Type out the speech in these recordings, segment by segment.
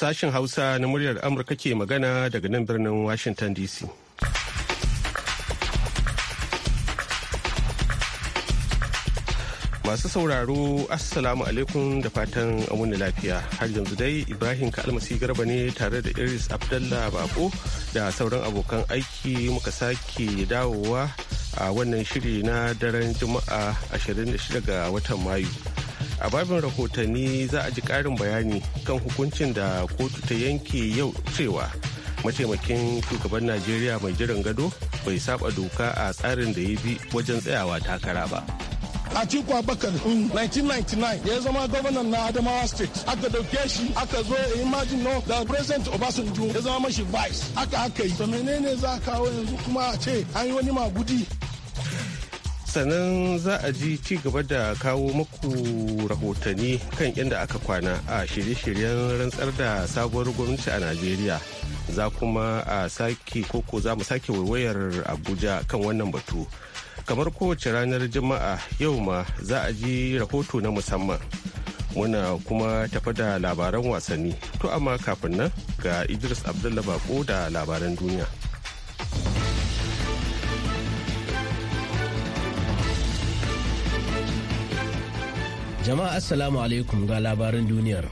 Sashen Hausa na muryar Amurka ke magana daga nan birnin Washington DC. Masu sauraro Assalamu alaikum da fatan amurna lafiya. Har yanzu dai Ibrahim Kalmasi Garba ne tare da Iris Abdallah Bako da sauran abokan aiki muka sake dawowa a wannan shiri na daren Juma'a 26 ga watan Mayu. a babin rahotanni za a ji ƙarin bayani kan hukuncin da kotu ta yanke yau cewa mataimakin shugaban najeriya mai jiran gado bai saba doka a tsarin da ya bi wajen tsayawa takara ba cikin Abakar 1999 ya zama gwamnan na Adamawa State. Aka dauke shi aka zo ya majin no da President Obasanjo ya zama mashi vice. Aka aka yi. To menene za kawo yanzu kuma a ce an yi wani magudi. sannan za a ji ci gaba da kawo maku rahotanni kan inda aka kwana a shirye-shiryen rantsar da sabuwar gwamnati a najeriya za kuma a sake koko za mu sake waiwayar abuja kan wannan batu kamar kowace ranar juma'a yau ma za a ji rahoto na musamman muna kuma tafa da labaran wasanni to amma kafin nan ga idris ko da labaran duniya Jama'a Assalamu alaikum ga labarin duniyar.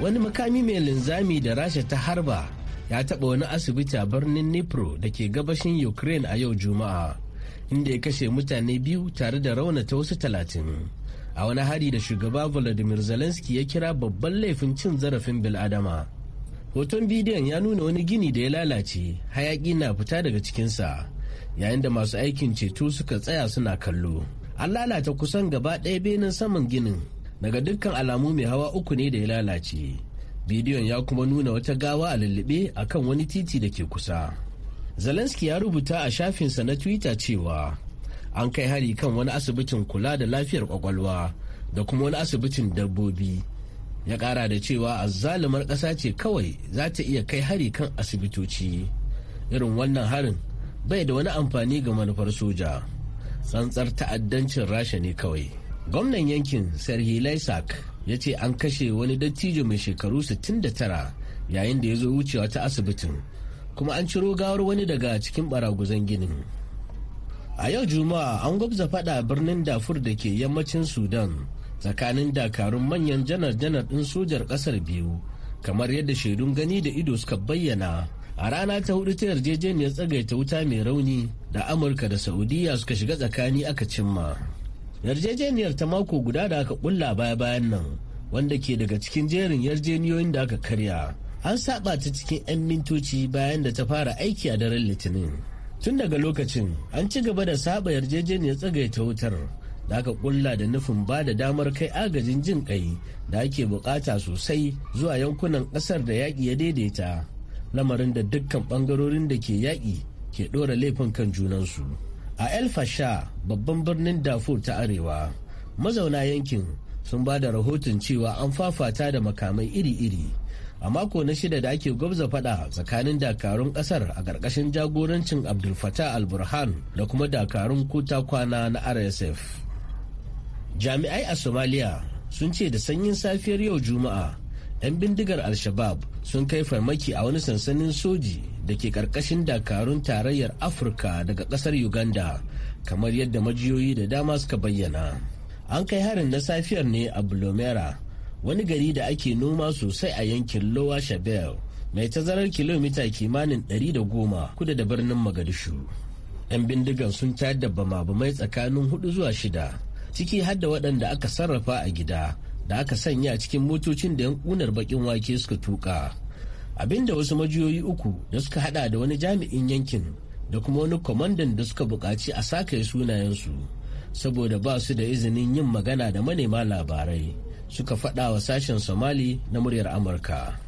Wani makami mai linzami da Rasha ta harba ya taɓa wani asibiti a birnin Nipro da ke gabashin Ukraine a yau Juma'a, inda ya kashe mutane biyu tare da raunata wasu talatin. A wani hari da shugaba Volodymyr Zelensky ya kira babban laifin cin zarafin bil'adama. Hoton bidiyon ya nuna wani gini da ya lalace, hayaƙi na fita daga cikinsa, yayin da masu aikin ceto suka tsaya suna kallo. an lalata kusan gaba ɗaya benin saman ginin daga dukkan alamu mai hawa uku ne da ya lalace bidiyon ya kuma nuna wata gawa a lullube a kan wani titi da ke kusa zelensky ya rubuta a shafinsa na twitter cewa an kai hari kan wani asibitin kula da lafiyar kwakwalwa da kuma wani asibitin dabbobi ya kara da cewa azzalumar ƙasa ce kawai za ta iya kai hari kan asibitoci irin wannan harin bai da wani amfani ga manufar soja tsantsar ta'addancin rasha ne kawai gwamnan yankin sergei lysak ya ce an kashe wani dattijo mai shekaru 69 yayin da ya zo wucewa ta asibitin kuma an ciro gawar wani daga cikin baraguzan ginin a yau juma'a an gwabza fada birnin dafur da ke yammacin sudan tsakanin dakarun manyan janar-janar ɗin sojar ƙasar biyu kamar yadda shaidun gani da ido suka bayyana a rana ta hudu ta yarjejeniyar tsagaita wuta mai rauni da amurka da saudiya suka shiga tsakani aka cimma yarjejeniyar ta mako guda da aka kulla baya bayan nan wanda ke daga cikin jerin yarjeniyoyin da aka karya an saba ta cikin 'yan mintoci bayan da ta fara aiki a daren litinin tun daga lokacin an ci gaba da saba yarjejeniyar tsagaita wutar da aka kulla da nufin ba da damar kai agajin jin kai da ake bukata sosai zuwa yankunan kasar da yaƙi ya daidaita lamarin da dukkan bangarorin da ke yaƙi ke ɗora laifin kan junansu a el fasha babban birnin dafur ta arewa mazauna yankin sun ba da rahoton cewa an fafata da makamai iri-iri a mako na shida da ake gwabza fada tsakanin dakarun kasar a ƙarƙashin jagorancin abdul fatah al da kuma dakarun kuta kwana na rsf jami'ai a somaliya sun ce da sanyin safiyar yau juma'a 'yan bindigar al-shabab sun kai farmaki a wani sansanin soji da ke karkashin dakarun tarayyar afirka daga kasar uganda kamar yadda majiyoyi da dama suka bayyana an kai harin na safiyar ne a bulomera wani gari da ake noma sosai a yankin lowa shabel mai tazarar kilomita kimanin 110 kudu da birnin magadishu 'yan bindigan sun tayar da bama-bamai tsakanin hudu zuwa shida ciki har waɗanda aka sarrafa a gida da aka sanya a cikin motocin da 'yan kunar bakin wake suka tuka abinda wasu majiyoyi uku da suka hada da wani jami'in yankin da kuma wani kwamandan da suka buƙaci a sakaye sunayensu saboda ba su da izinin yin magana da manema labarai suka faɗa wa sashen somali na muryar amurka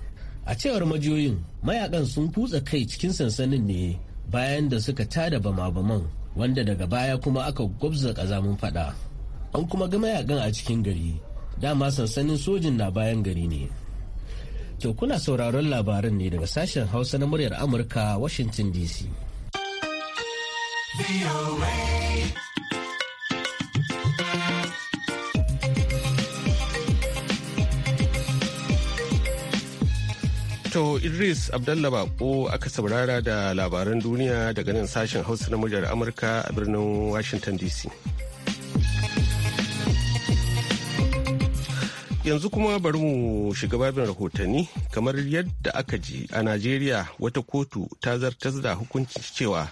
a cewar majiyoyin mayakan sun kutsa kai cikin sansanin ne bayan da suka tada bama-baman wanda daga baya kuma aka gwabza ƙazamin faɗa an kuma ga mayakan a cikin gari dama sansanin sojin na bayan gari ne to kuna sauraron labaran ne daga sashen hausa na muryar amurka washington dc To Idris Abdullah Bako aka saurara da labaran duniya daga nan sashen Hausa na muryar Amurka a birnin Washington DC. yanzu kuma bari mu shiga babin rahotanni kamar yadda aka ji a najeriya wata kotu ta zartas da hukuncin cewa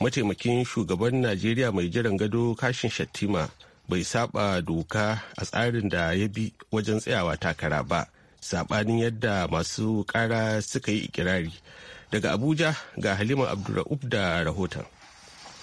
mataimakin shugaban najeriya mai jiran gado kashin shattima bai saba doka a tsarin da ya bi wajen tsayawa takara ba sabanin yadda masu kara suka yi ikirari daga abuja ga halima abdulra'uf da rahoton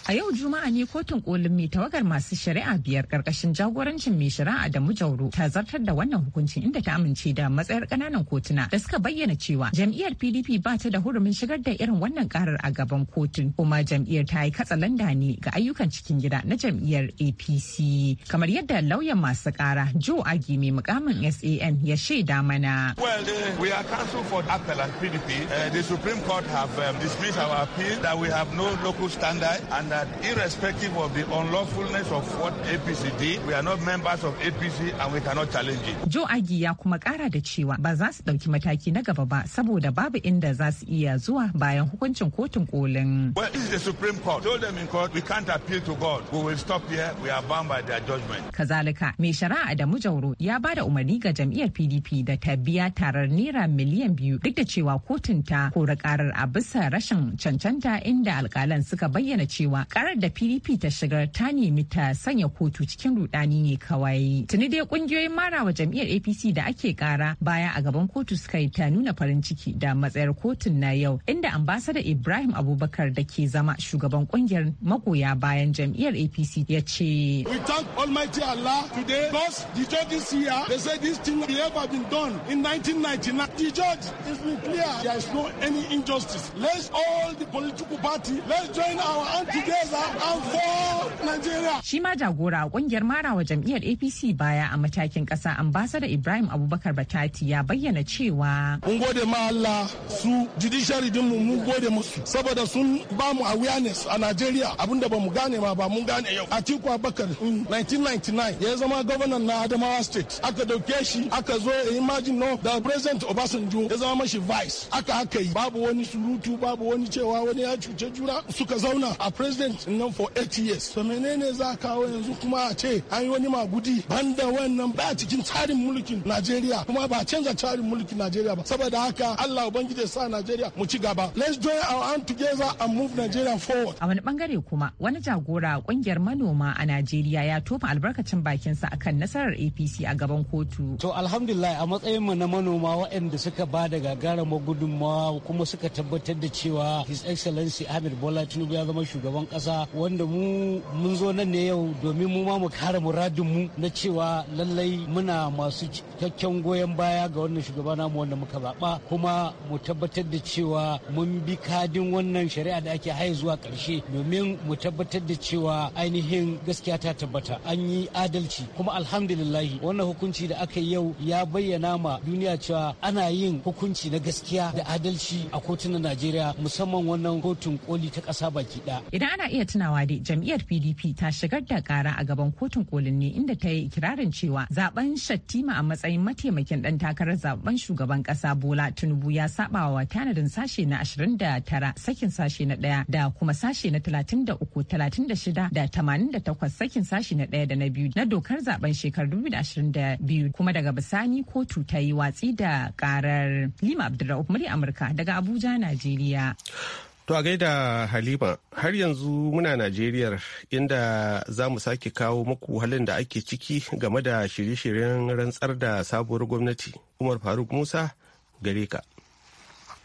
A yau Juma'a ne kotun kolin mai tawagar masu shari'a biyar karkashin jagorancin mai shari'a da mujauru ta zartar da wannan hukuncin inda ta amince da matsayar kananan kotuna da suka bayyana cewa jam'iyyar PDP ba ta da hurumin shigar da irin wannan karar a gaban kotun kuma jam'iyyar ta yi katsalanda ne ga ayyukan cikin gida na jam'iyyar APC kamar yadda lauyan masu kara Joe Agi mai mukamin SAN ya shaida mana. Well, we are no local standard and that irrespective of the unlawfulness of what APC did, we are not members of APC and we cannot challenge it. Joe Agi ya kuma kara da cewa ba za su dauki mataki na gaba ba saboda babu inda za su iya zuwa bayan hukuncin kotun kolin. Well, this is the Supreme Court. Told them in court, we can't appeal to God. We will stop here. We are bound by their judgment. Kazalika, mai shari'a da mujauro ya ba da umarni ga jam'iyyar PDP da ta biya tarar naira miliyan biyu duk da cewa kotun ta kora karar a bisa rashin cancanta inda alkalan suka bayyana cewa karar da pdp ta shigar ta nemi ta sanya kotu cikin rudani ne kawai tuni dai kungiyoyin mara wa jam'iyyar apc da ake kara baya a gaban kotu suka yi ta nuna farin ciki da matsayar kotun na yau inda ambasada ibrahim abubakar da ke zama shugaban kungiyar magoya bayan jam'iyyar apc ya ce we thank almighty allah today because the judges here they say this thing we ever been done in 1999 the judge is been clear there is no any injustice let's all the political party let's join our hand together Yes, I'm Nigeria. Shi ma jagora a kungiyar marawa jam'iyyar APC baya a matakin kasa ambasada Ibrahim Abubakar Batati ya bayyana cewa. Mun gode ma Allah su judiciary mu mun gode musu saboda sun ba mu awareness a nigeria abinda ba mu gane ma ba mun gane yau. Atiku Abubakar 1999 ya zama gwamnan na Adamawa State aka dauke shi aka zo imagine no da President Obasanjo ya zama mashi vice aka aka yi babu wani surutu babu wani cewa wani ya cuce jura suka zauna a president president nan for 8 years to menene za kawo yanzu kuma a ce an yi wani magudi banda wannan ba cikin tsarin mulkin najeriya kuma ba canza tsarin mulkin najeriya ba saboda haka allah ubangiji sa najeriya mu ci gaba let's join our hand together and move nigeria forward a wani bangare kuma wani jagora kungiyar manoma a najeriya ya tofa albarkacin bakinsa akan nasarar apc a gaban kotu to alhamdulillah a matsayin mu na manoma waɗanda suka ba da gagarumar gudunmawa kuma suka tabbatar da cewa his excellency ahmed bola tinubu ya zama shugaban Kasa wanda mu mun zo nan ne yau domin mu ma mu kare muradinmu na cewa lallai muna masu cikakken goyon baya ga wannan shugaba namu wanda muka zaɓa kuma mu tabbatar da cewa mun bi kadin wannan shari'a da ake haye zuwa ƙarshe domin mu tabbatar da cewa ainihin gaskiya ta tabbata an yi adalci kuma alhamdulillahi wannan hukunci da aka yi yau ya bayyana ma duniya cewa ana yin hukunci na gaskiya da adalci a kotunan najeriya musamman wannan kotun koli ta ƙasa baki ɗaya idan ana iya tunawa dai jam'iyyar PDP ta shigar da kara a gaban kotun kolin ne inda ta yi ikirarin cewa zaben Shattima a matsayin mataimakin dan takarar zaben shugaban kasa Bola Tinubu ya saba wa tanadin sashe na 29 sakin sashe na 1 da kuma sashe na 33 36 da 88 sakin sashe na 1 da na 2 na dokar zaben shekarar 2022 kuma daga bisani kotu ta yi watsi da karar Lima Abdulrahman Amurka daga Abuja Najeriya. To a gaida Halima, har yanzu muna Najeriya inda za mu sake kawo muku halin da ake ciki game da shirye-shiryen rantsar da sabuwar gwamnati. Umar Faruk Musa gare ka.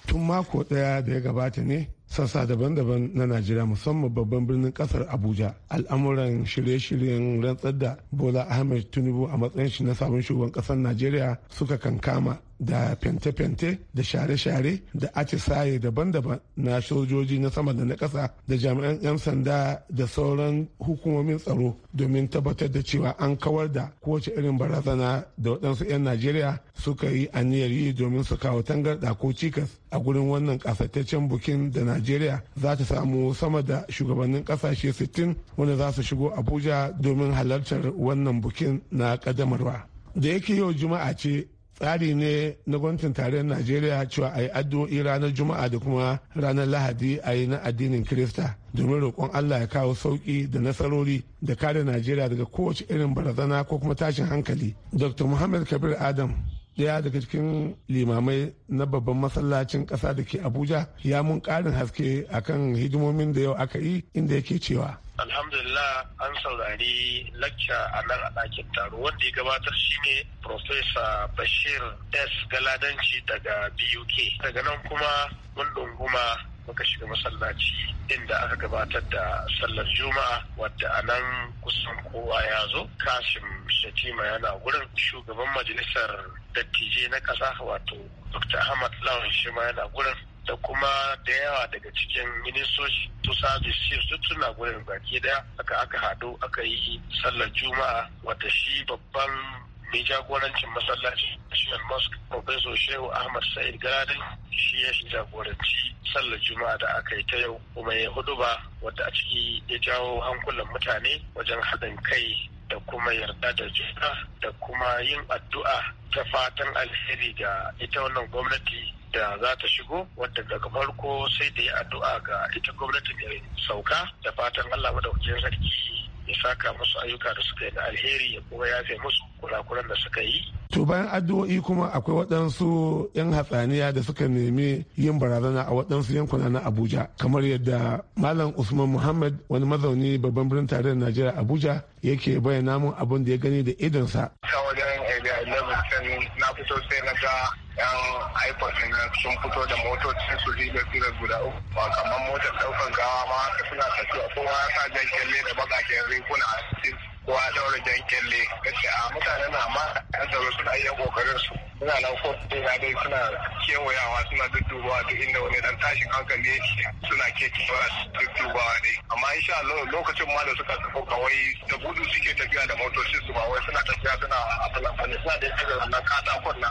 Tun mako ɗaya da ya gabata ne sassa daban-daban na najeriya musamman babban birnin kasar abuja al'amuran shirye-shiryen rantsar da bola ahmed tinubu a matsayin shi na sabon shugaban kasar najeriya suka kankama da fente-fente da share-share da atisaye daban-daban na sojoji na sama da na ƙasa da jami'an 'yan sanda da sauran hukumomin tsaro domin tabbatar da cewa an kawar da kowace irin barazana da waɗansu 'yan najeriya suka yi aniyar yi domin su kawo tangarɗa ko cikas a gurin wannan kasataccen bukin da na. najeriya za ta samu sama da shugabannin kasashe 60 wanda za su shigo abuja domin halartar wannan bukin na kadamarwa da yake yau juma'a ce tsari ne na gwamnatin tarayyar najeriya cewa a yi addu'o'i ranar juma'a da kuma ranar lahadi a yi na addinin kirista domin roƙon allah ya kawo sauki da nasarori da kare najeriya daga kowace irin barazana ko kuma tashin hankali dr muhammad kabir adam daya daga cikin limamai na babban masallacin ƙasa da ke abuja ya mun ƙarin haske akan hidimomin da yau aka yi inda yake cewa alhamdulillah an saurari lacca a nan a ɗakin taro wanda ya gabatar shine Profesa bashir s galadanci daga buk daga nan kuma mun ɗunguma muka shiga masallaci inda aka gabatar da sallar juma'a wadda a nan kusan kowa ya zo kasim shatima yana wurin shugaban majalisar dattijai na ƙasa wato dr ahmad lawan shima yana wurin. da kuma da yawa daga cikin ministoci to service chiefs duk suna gurin baki daya aka aka hado aka yi sallar juma'a wadda shi babban da jagorancin masallaci national mosque professor shehu ahmad sa'id garadin shi ya jagoranci sallar juma'a da aka yi ta yau kuma ya hudu ba wadda a ciki ya jawo hankulan mutane wajen haɗin kai da kuma yarda da juna da kuma yin addu'a ta fatan alheri ga ita wannan gwamnati da za ta shigo wadda daga farko sai da ya addu'a ga ita gwamnatin ya sauka da fatan allah madaukakin sarki ya saka musu ayyuka da suka yi na alheri ya kuma yafe musu kurakuran da suka yi. To bayan addu'o'i kuma akwai waɗansu 'yan hatsaniya da suka nemi yin barazana a waɗansu yankuna na Abuja kamar yadda Malam Usman Muhammad wani mazauni babban birnin tarayyar Najeriya Abuja yake bayyana mun abin da ya gani da idonsa. Ta wajen na fito sai na ga yan ipod sun fito da motocin su rigar guda uku ba kamar motar daukan gawa ma haka suna tafiya kowa ya sa jan kyalle da bakaken rikuna a cikin kowa daura jan kyalle kace a mutanen na ma yan tsaro suna iya kokarin su suna nan ko ina dai suna kewayawa suna duddubawa duk inda wani dan tashin hankali yake suna kekewa duddubawa ne. amma sha Allah lokacin ma da suka tafi kawai da gudu suke tafiya da motocin su ba wai suna tafiya suna fulan fane suna da na wannan katakon na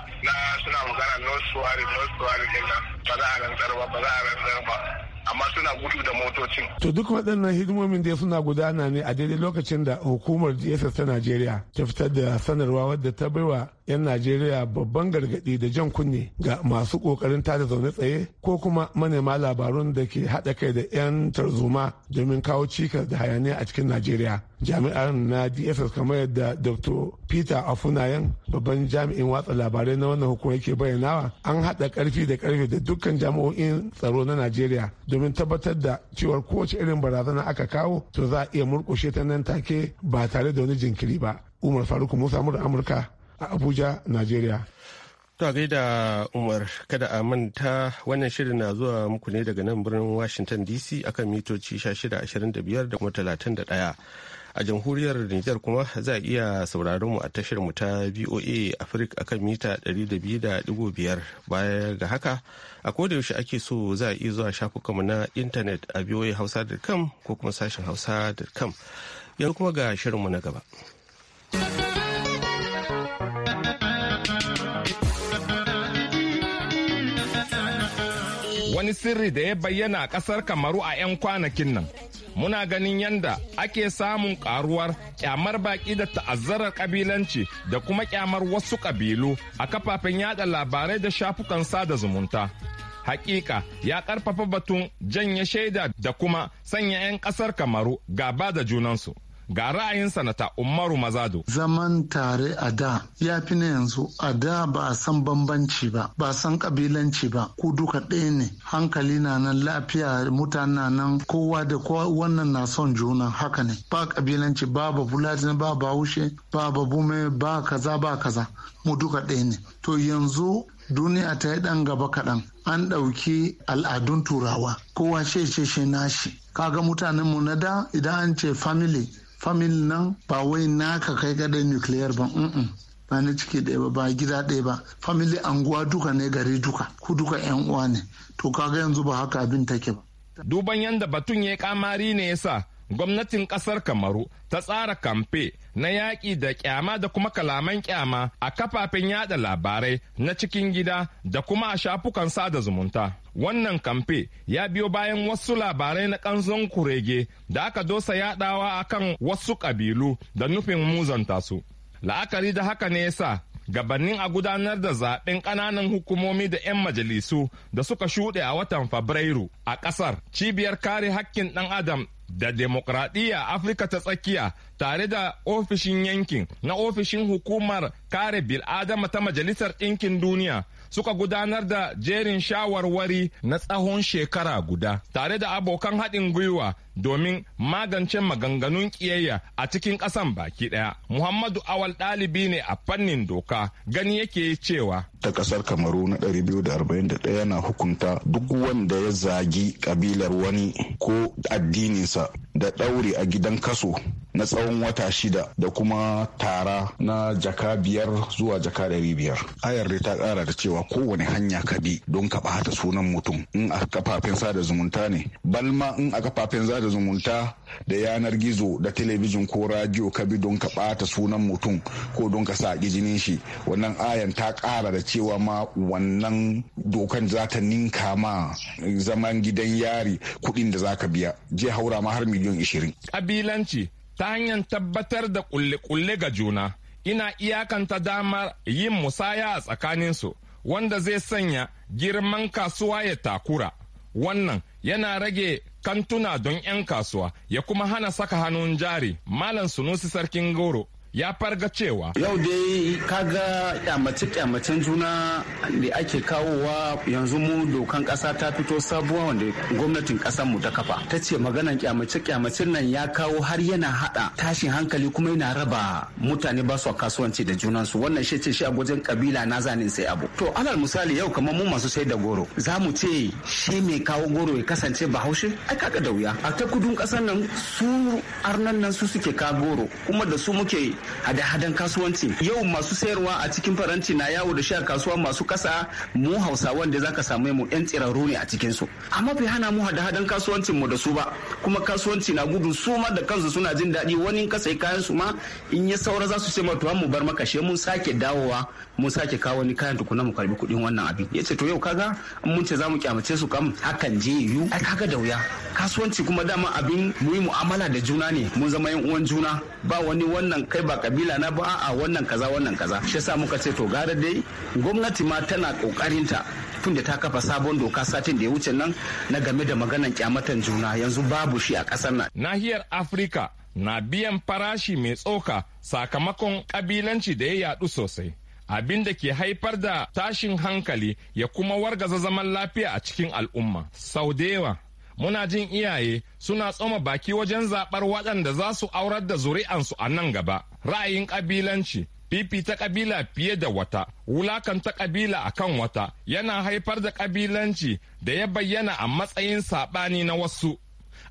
suna magana no suwari no suwari ne nan ba za a rantsar ba ba za a rantsar ba amma suna gudu da motocin. To duk waɗannan hidimomin da suna gudana ne a daidai lokacin da hukumar DSS ta Najeriya ta fitar da sanarwa wadda ta baiwa 'yan najeriya babban gargadi da jan kunne ga masu kokarin tada zaune tsaye ko kuma manema labarun da ke haɗa kai da 'yan tarzoma domin kawo cikas da hayaniya a cikin najeriya jami'an na dss kamar yadda dr peter afunayen babban jami'in watsa labarai na wannan hukumar yake bayyanawa an haɗa karfi da karfe da dukkan jami'o'in tsaro na najeriya domin tabbatar da cewar kowace irin barazana aka kawo to za a iya murkushe ta nan take ba tare da wani jinkiri ba umar faruk musa mura amurka a Abuja, Najeriya. To gaida Umar kada a manta wannan shirin na zuwa muku ne daga nan birnin Washington DC akan mitoci 1625 da kuma 31. A jamhuriyar Nijar kuma za a iya sauraron mu a tashar mu ta VOA Africa akan mita 200.5 baya ga haka a yaushe ake so za a iya zuwa shafukanmu na intanet a voahausa.com ko kuma sashen hausa.com yanzu kuma ga shirinmu na gaba. wani sirri da ya bayyana a ƙasar kamaru a 'yan kwanakin nan muna ganin yadda ake samun karuwar kyamar baki da ta'azzarar kabilanci da kuma kyamar wasu kabilu a kafafen yada labarai da shafukan sada zumunta hakika ya karfafa batun janye shaida da kuma sanya 'yan kasar kamaru gaba da junansu Ga ra'ayin sanata Umaru Mazado. Zaman tare a da ya fi na yanzu a da ba a san bambanci ba, ba san kabilanci ba, ku duka ɗaya ne. Hankali na nan lafiya mutane nan kowa da kowa wannan na son juna haka ne. Ba kabilanci ba ba bulatin ba Bahaushe ba ba Bume ba kaza ba kaza. Mu duka ɗaya ne. To yanzu duniya ta yi ɗan gaba kaɗan an ɗauki al'adun turawa kowa shi nashi kaga mutanenmu na da idan an ce family famil nan ba wai naka kai gadon nuclear ba ba na ciki ɗaya ba ba gida ɗaya ba famili anguwa duka ne gari duka ku duka yan uwa ne to kaga yanzu ba haka abin take ba duban yanda batun ya kamari ne yasa gwamnatin kasar kamaru ta tsara kamfe na yaƙi da kyama da kuma kalaman ƙyama a kafafen yada labarai na cikin gida da kuma a shafukan sada zumunta. Wannan kamfe ya biyo bayan wasu labarai na ƙanzon kurege da aka dosa yaɗawa kan wasu ƙabilu da nufin muzanta su. La'akari da haka ne yasa gabanin a gudanar da zaɓen ƙananan hukumomi da 'yan majalisu da suka shuɗe a watan fabrairu a ƙasar cibiyar kare haƙƙin ɗan adam da demokradiyya afirka ta tsakiya tare da ofishin yankin na ofishin hukumar kare bil'adama ta majalisar ɗinkin duniya suka gudanar da jerin shawarwari na tsawon shekara guda tare da abokan haɗin gwiwa domin magance maganganun kiyayya a cikin ƙasan baki ɗaya. Muhammadu Awal ɗalibi ne a fannin doka gani yake cewa. Ta ƙasar Kamaru na 241 na hukunta duk wanda ya zagi ƙabilar wani ko addininsa da ɗaure a gidan kaso na tsawon wata shida da kuma tara na jaka biyar zuwa jaka ɗari biyar. Ayar ta ƙara da cewa kowane hanya ka bi don ka ɓata sunan mutum in a kafafen sada zumunta ne. Balma in a kafafen sada sada zumunta da yanar gizo da telebijin ko radio ka bi don ka bata sunan mutum ko don ka sa jinin shi wannan ayan ta kara da cewa ma wannan dokan za ta ninka ma zaman gidan yari kudin da za ka biya je haura ma har miliyan ishirin. kabilanci ta hanyar tabbatar da kulle-kulle ga juna ina iyakanta damar yin musaya a tsakaninsu wanda zai sanya girman kasuwa ya takura wannan yana rage kantuna don 'yan kasuwa ya kuma hana saka hannun jari malam sunusi sarkin goro ya farga cewa yau dai kaga kyamace kyamacen juna da ake kawowa yanzu mu dokan kasa ta fito sabuwa wanda gwamnatin kasar mu ta kafa ta ce maganan kyamace kyamacen nan ya kawo har yana hada tashin hankali kuma yana raba mutane ba su kasuwanci da junansu wannan shi ce shi a gwajin kabila na zanin sai abu to alal misali yau kamar mu masu sai da goro za mu ce shi mai kawo goro ya kasance bahaushe ai kaga da wuya a ta kudun kasar nan su arnan nan su suke ka goro kuma da su muke hada-hadan kasuwanci yau masu sayarwa a cikin faranti na yawo da a kasuwa masu kasa mu Hausa wanda zaka samu mu yan tsiraru ne a cikin su amma bai hana mu hada-hadan kasuwancin mu da su ba kuma kasuwanci na gudu su ma da kansu suna jin daɗi wani kasa kayan su ma in ya saura za su ce ma mu bar makashe she mun sake dawowa mun sake kawo wani kayan tukuna mu karbi kuɗi wannan abin ya ce to yau kaga mun ce za mu kyamace su kam hakan je yiwu ai kaga da wuya kasuwanci kuma dama abin mu yi mu'amala da juna ne mun zama yan uwan juna ba wani wannan kai ba kabila na ba a wannan kaza wannan kaza shi yasa muka ce to gara dai gwamnati ma tana kokarin tun da ta kafa sabon doka satin da ya wuce nan na game da maganan kyamatan juna yanzu babu shi a kasar nan nahiyar afirka na biyan farashi mai tsoka sakamakon kabilanci da ya yadu sosai abin da ke haifar da tashin hankali ya kuma wargaza zaman lafiya a cikin al'umma. Sau da yawa muna jin iyaye suna tsoma baki wajen zaɓar waɗanda za su aurar da zuri'ansu a nan gaba. Ra'ayin ƙabilanci, fifi ta ƙabila fiye da wata, wulakan ta ƙabila a kan wata, yana haifar da ƙabilanci da ya bayyana a matsayin saɓani na wasu.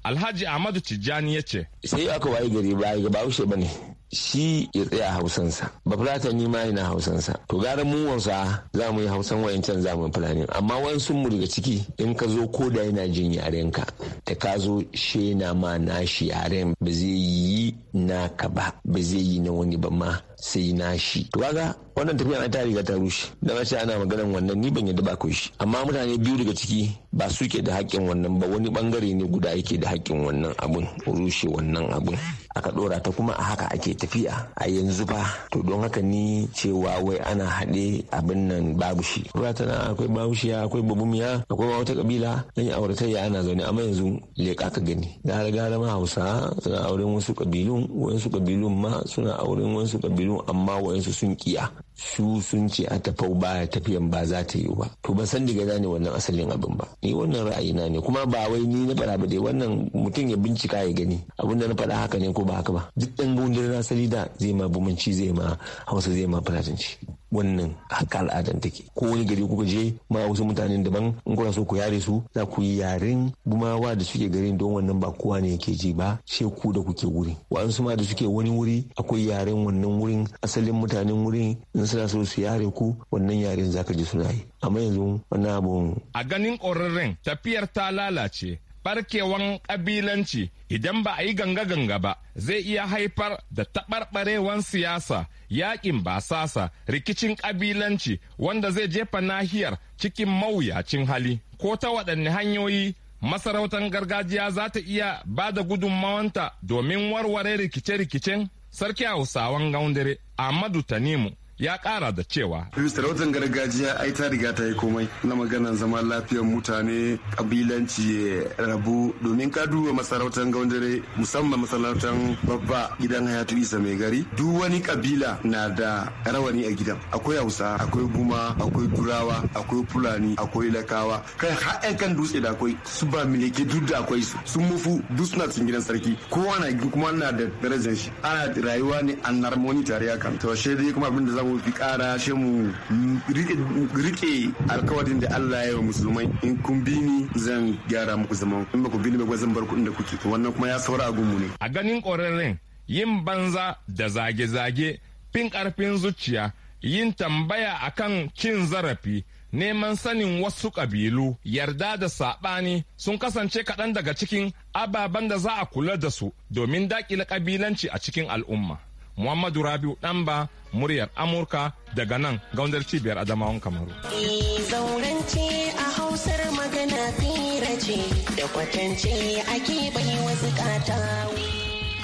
Alhaji Ahmadu Tijjani ya ce. Sai aka waye gari ba ga ushe ba ne. shi ya tsaya hausansa ba ni ma yana hausansa to gara mu wasa za mu yi hausan wayancan za mu yi fulani amma wani sun mu daga ciki in ka zo ko da yana jin yarenka da ka zo she na ma nashi yaren ba zai yi naka ba ba zai yi na wani ba ma sai nashi to kaga wannan tafiya na ta riga ta rushe da mace ana maganar wannan ni ban yadda ba ko shi amma mutane biyu daga ciki ba su ke da haƙƙin wannan ba wani bangare ne guda yake da haƙƙin wannan abun rushe wannan abun aka dora ta kuma a haka ake tafiya a yanzu ba to don haka ni cewa wai ana haɗe abin nan babu shi ruwa tana akwai babu shi akwai babu miya akwai wata kabila dan auratayya ana zaune amma yanzu leƙa ka gani gara gara ma hausa suna auren wasu kabilun wasu kabilun ma suna auren wasu kabilun amma wayansu sun kiya su sun ce a tafau ba tafiyan ba za ta yi ba to ban san daga ne wannan asalin abin ba ni wannan ra'ayi na ne kuma ba wai ni na fara ba dai wannan mutum ya bincika ya gani abin da na faɗa haka ne ko ba haka ba duk ɗan gundun asali da zai ma bumanci zai ma hausa zai ma fulatanci wannan haka al'adan take ko wani gari kuka je ma wasu mutanen daban in kuna so ku yare su za ku yi yaren gumawa da suke garin don wannan ba kowa ne yake ji ba she ku da kuke wuri wa'ansu ma da suke wani wuri akwai yaren wannan wurin asalin mutanen wurin in suna so su yare ku wannan yaren zaka ji suna yi amma yanzu wannan abun a ganin ƙorarren tafiyar ta lalace barkewan ƙabilanci idan ba a yi ganga-ganga ba zai iya haifar da taɓarɓarewan siyasa yaƙin basasa rikicin ƙabilanci wanda zai jefa nahiyar cikin mawuyacin hali ko ta waɗanne hanyoyi masarautar gargajiya za ta iya ba da gudunmawanta domin warware rikice-rikicen sarki hausawan gaundare ahmadu tanimu ya kara da cewa. Sarautar gargajiya ai ta riga ta yi komai na maganan zaman lafiyar mutane kabilanci rabu domin ka duba masarautar gaundare musamman masarautar babba gidan hayatu isa mai gari duk wani kabila na da rawani a gidan akwai hausa akwai guma akwai turawa akwai fulani akwai lakawa kai har kan dutse da akwai su ba miliki duk da akwai su sun mufu duk suna cikin gidan sarki kowa na kuma na da darajar shi ana rayuwa ne an narmoni tare akan to shi dai kuma abin da fi kara shi mu rike alkawarin da Allah ya yi wa musulmai in kun bi ni zan gyara muku zaman in ba ku bi ni ba zan bar kuɗin da kuke wannan kuma ya saura a gunmu ne a ganin ƙwararren yin banza da zage-zage fin ƙarfin zuciya yin tambaya akan cin zarafi neman sanin wasu ƙabilu yarda da saɓani sun kasance kaɗan daga cikin ababen da za a kula da su domin daƙile ƙabilanci a cikin al'umma Muhammadu Rabiu Ɗanba muryar Amurka daga nan gaundar cibiyar Adamawan Kamaru. zaurance a hausar magana fira ce da kwatance ake bai wasu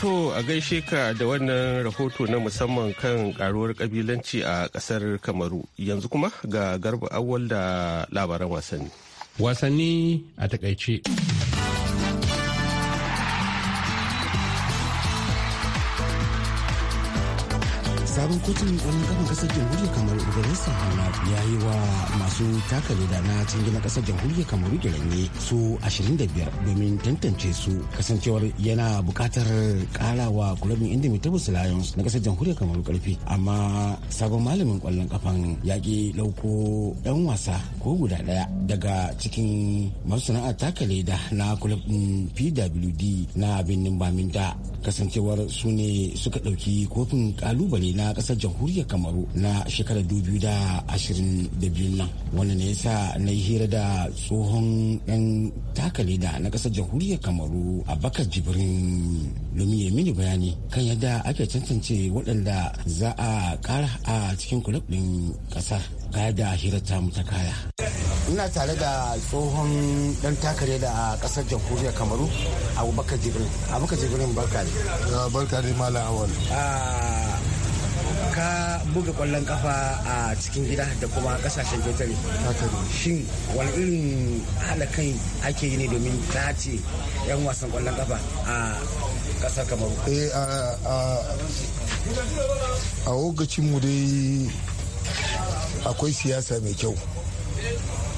To a gaishe ka da wannan rahoto na musamman kan karuwar kabilanci a ƙasar Kamaru yanzu kuma ga garba awal da labaran wasanni. Wasanni a takaice. sabon kotun wani gaban kasar jamhuriyar kamar ubanisa sahara ya yi wa masu taka leda na cikin kasar jamhuriyar kamar giranye su 25 domin tantance su kasancewar yana bukatar karawa kulabin indomitable lions na kasar jamhuriyar kamar karfi amma sabon malamin kwallon kafan ya ki lauko yan wasa ko guda daya daga cikin masu sana'ar taka leda na kulabin pwd na birnin baminta kasancewar su ne suka ɗauki kofin kalubale na na kasar jamhuriyar kamaru na shekarar dubu da ashirin da biyu nan wannan ne yasa na yi hira da tsohon yan takale da na kasar jamhuriyar kamaru abakar jibrin domin ya mini bayani kan yadda ake tantance waɗanda za a kara a cikin kulub ɗin ƙasar kaya da hirar mutu kaya ina tare da tsohon dan takare da a kasar jamhuriyar kamaru abubakar jibrin abubakar jibrin barka ne barka ne malam awal ah, ka buga kwallon kafa a cikin gida da kuma kasashen ketare shin wani irin hada kai ake yi ne domin tace 'yan wasan kwallon kafa a kasar kamaru eh, a lokacin mu dai akwai siyasa mai kyau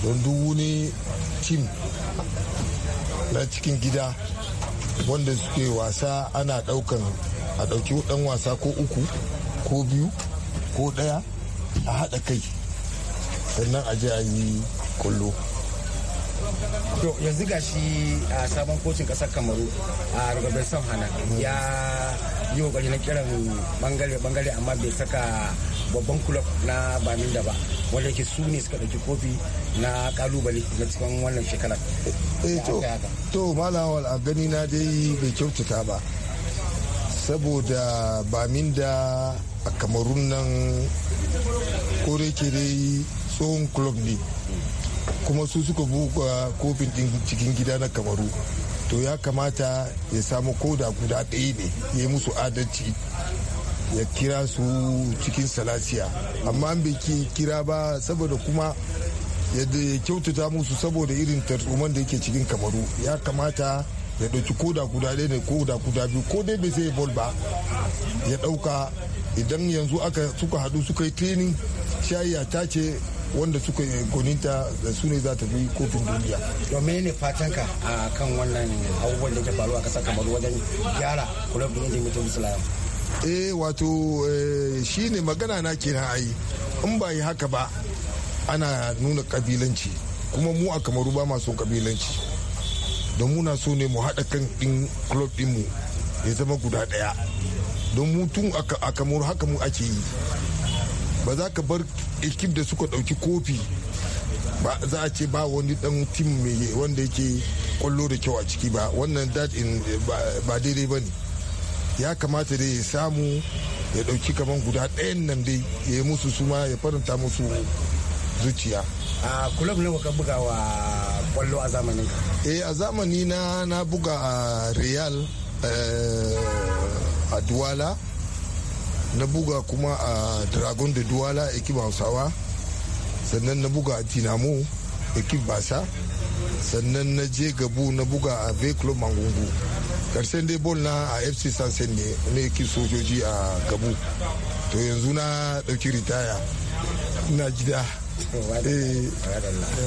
don duhu wani tim na cikin gida wanda suke wasa ana daukan a dauki dan wasa ko uku ko biyu ko ɗaya a haɗa kai sannan a je a yi kullo to yanzu ga shi a sabon kocin ƙasar kamaru a rubaben son hana ya yi kokari na kiran bangare-bangare amma bai saka babban kulob na bamin da ba wanda yake su ne suka ɗauki kofi na kalubale na cikin wannan shekarar eh, to malawal a gani na dai bai kyautata ba saboda bamin da a kamarun nan kore kere tsohon club ne kuma su suka buga kofin din cikin gida na kamaru to ya kamata ya samu koda guda ɗaya ne ya musu adalci ya kira su cikin salasiya amma an bai kira ba saboda kuma yadda ya kyautata musu saboda irin tarzoman da yake cikin kamaru ya kamata ya ɗauki ko da guda ɗaya ne ko da guda biyu ko dai bai sai bol ba ya ɗauka idan yanzu aka suka haɗu suka yi training shayiya ta ce wanda suka goninta da su ne za ta bi kofin duniya. domin ne fatan ka a kan wannan abubuwan da ke faruwa kasa kamar wajen gyara kulab ɗin da mutum islam. eh wato eh, shi ne magana na kenan ayi in ba yi haka ba ana nuna kabilanci kuma mu a kamaru ba masu kabilanci. don muna so ne mu haɗa kan ɗin club ɗinmu ya zama guda ɗaya don tun a kamar haka mu ake yi ba za ka bar ekip da suka ɗauki kofi ba za a ce ba wani dan tim mai wanda yake kwallo da kyau a ciki ba wannan that in ba daidai ba ne ya kamata dai ya samu ya ɗauki kamar guda ɗayan nan dai ya yi musu suma ya faranta musu zuciya a kulab ne ka buga wa kwallo a zamanin ka eh a zamani na na buga a real eh, a duwala na buga kuma a dragon da duwala ekip hausawa sannan na buga a dinamo ekip basa sannan na je gabu na buga a v club mangungu karshen dai bol na a fc sansen ne na ekip sojoji a gabu to yanzu na dauki ritaya ina gida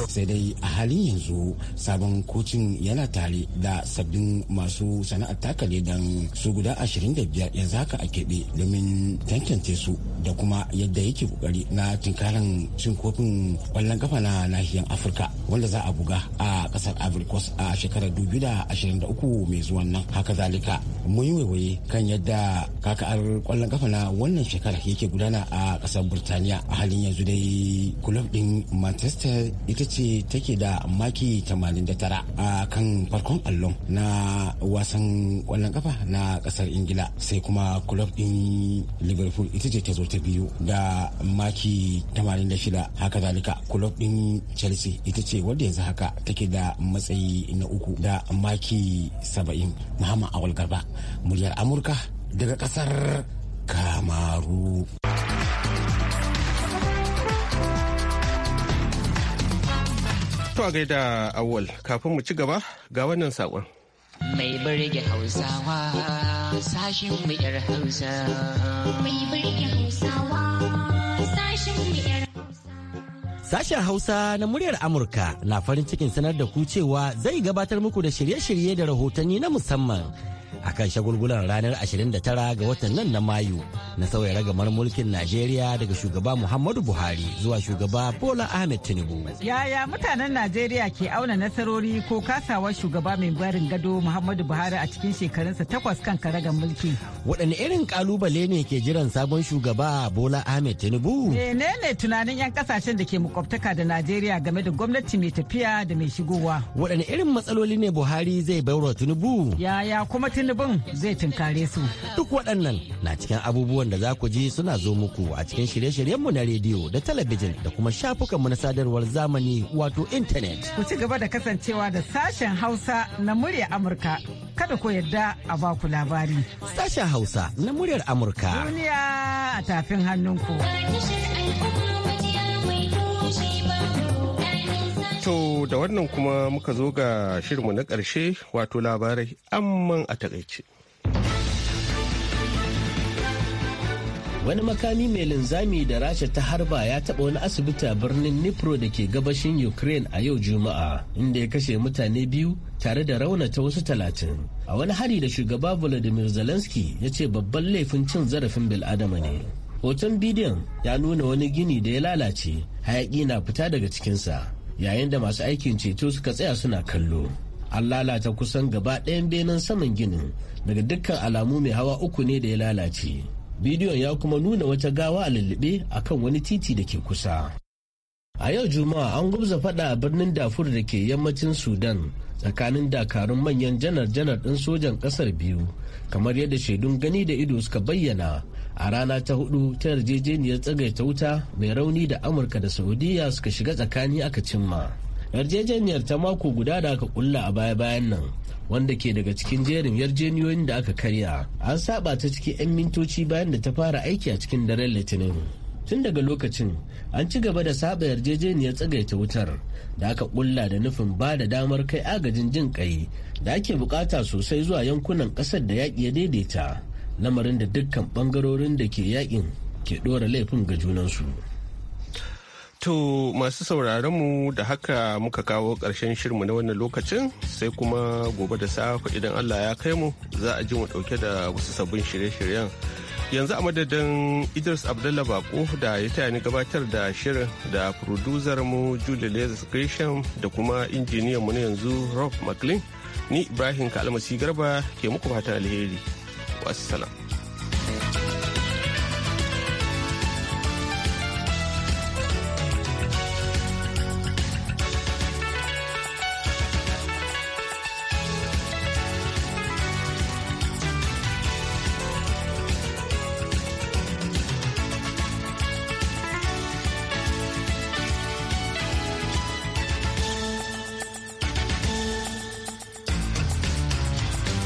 sai dai a halin yanzu sabon kocin yana tare da sabbin masu sana'ar takale dan su guda 25 yanzu haka a keɓe domin tantance su da kuma yadda yake kokari na tunkarin cin kofin kwallon kafa na nahiyar afirka wanda za a buga a kasar coast a shekarar 2023 mai zuwan nan haka zalika mun yi waiwaye kan yadda kaka'ar kwallon kafa na wannan shekarar yake gudana a ƙasar burtaniya a halin yanzu dai kula club din manchester ita ce take da maki 89 a kan farkon allon na wasan kwallon kafa na kasar ingila sai kuma club din liverpool ita ce ta zo ta biyu da maki 86 haka zalika club din chelsea ita ce wadda yanzu haka take da matsayi na uku da maki 70 muhammad awal garba muryar amurka daga kasar kamaru To a gaida awwal kafin mu ci gaba ga wannan saƙon. Mai birge Hausawa sashin mu yar Hausa. Mai birge Hausawa sashin mu yar Sashen Hausa na muryar Amurka na farin cikin sanar da ku cewa zai gabatar muku da shirye-shirye da rahotanni na musamman a kan shagulgulan ranar 29 ga watan nan na Mayu na sauya ragamar mulkin Najeriya daga shugaba Muhammadu Buhari zuwa shugaba Bola Ahmed Tinubu. Yaya mutanen Najeriya ke auna nasarori ko kasawar shugaba mai barin gado Muhammadu Buhari a cikin shekarunsa takwas kan karagar mulki. Waɗanne irin kalubale ne ke jiran sabon shugaba Bola Ahmed Tinubu? Menene tunanin 'yan kasashen da ke makwabtaka da Najeriya game da gwamnati mai tafiya da mai shigowa? Waɗanne irin matsaloli ne Buhari zai baiwa Tinubu? Yaya kuma tinubun zai tunkare su duk waɗannan na cikin abubuwan da za ku ji suna zo muku a cikin shirye-shiryenmu na rediyo da talabijin da kuma shafukanmu na sadarwar zamani wato intanet ku ci gaba da kasancewa da sashen hausa na murya amurka kada ku yarda a ba ku labari sashen hausa na muryar amurka duniya a tafin hannunku da wannan kuma muka zo ga shirinmu na ƙarshe wato labarai amman a takaice. Wani makami mai linzami da Rasha ta harba ya taɓa wani asibiti a birnin Nipro da ke gabashin Ukraine a yau Juma'a, inda ya kashe mutane biyu tare da raunata wasu talatin. A wani hari da shugaba Volodymyr Zelensky ya ce babban laifin cin zarafin bil'adama ne. Hoton bidiyon ya nuna wani gini da ya lalace, hayaki na fita daga cikinsa. yayin da masu aikin ceto suka tsaya suna kallo an lalata kusan gaba ɗayan benen saman ginin daga dukkan alamu mai hawa uku ne da ya lalace bidiyon ya kuma nuna wata gawa a lullube a kan wani titi da ke kusa a yau juma'a an gubza fada a birnin dafur da ke yammacin sudan tsakanin dakarun manyan janar-janar ɗin sojan ƙasar biyu kamar yadda shaidun gani da ido suka bayyana a rana ta hudu ta yarjejeniyar tsagaita wuta mai rauni da amurka da saudiya suka shiga tsakani aka cimma yarjejeniyar ta mako guda da aka kulla a baya-bayan nan wanda ke daga cikin jerin yarjeniyoyin da aka karya an saba ta cikin 'yan mintoci bayan da ta fara aiki a cikin daren litinin tun daga lokacin an ci gaba da saba yarjejeniyar tsagaita wutar da aka kulla da nufin ba da damar kai agajin jin kai da ake bukata sosai zuwa yankunan kasar da yaƙi ya daidaita lamarin da dukkan bangarorin da ke yakin ke ɗora laifin ga junansu. To masu mu da haka muka kawo ƙarshen shirmu na wannan lokacin sai kuma gobe da safe idan Allah ya kai mu za a ji mu ɗauke da wasu sabbin shirye-shiryen. Yanzu a madadin Idris Abdullah Bako da ya taya ni gabatar da shirin da producer mu Julie Gresham da kuma injiniyan mu na yanzu Rob McLean. Ni Ibrahim Kalmasi Garba ke muku fatan alheri. wassalam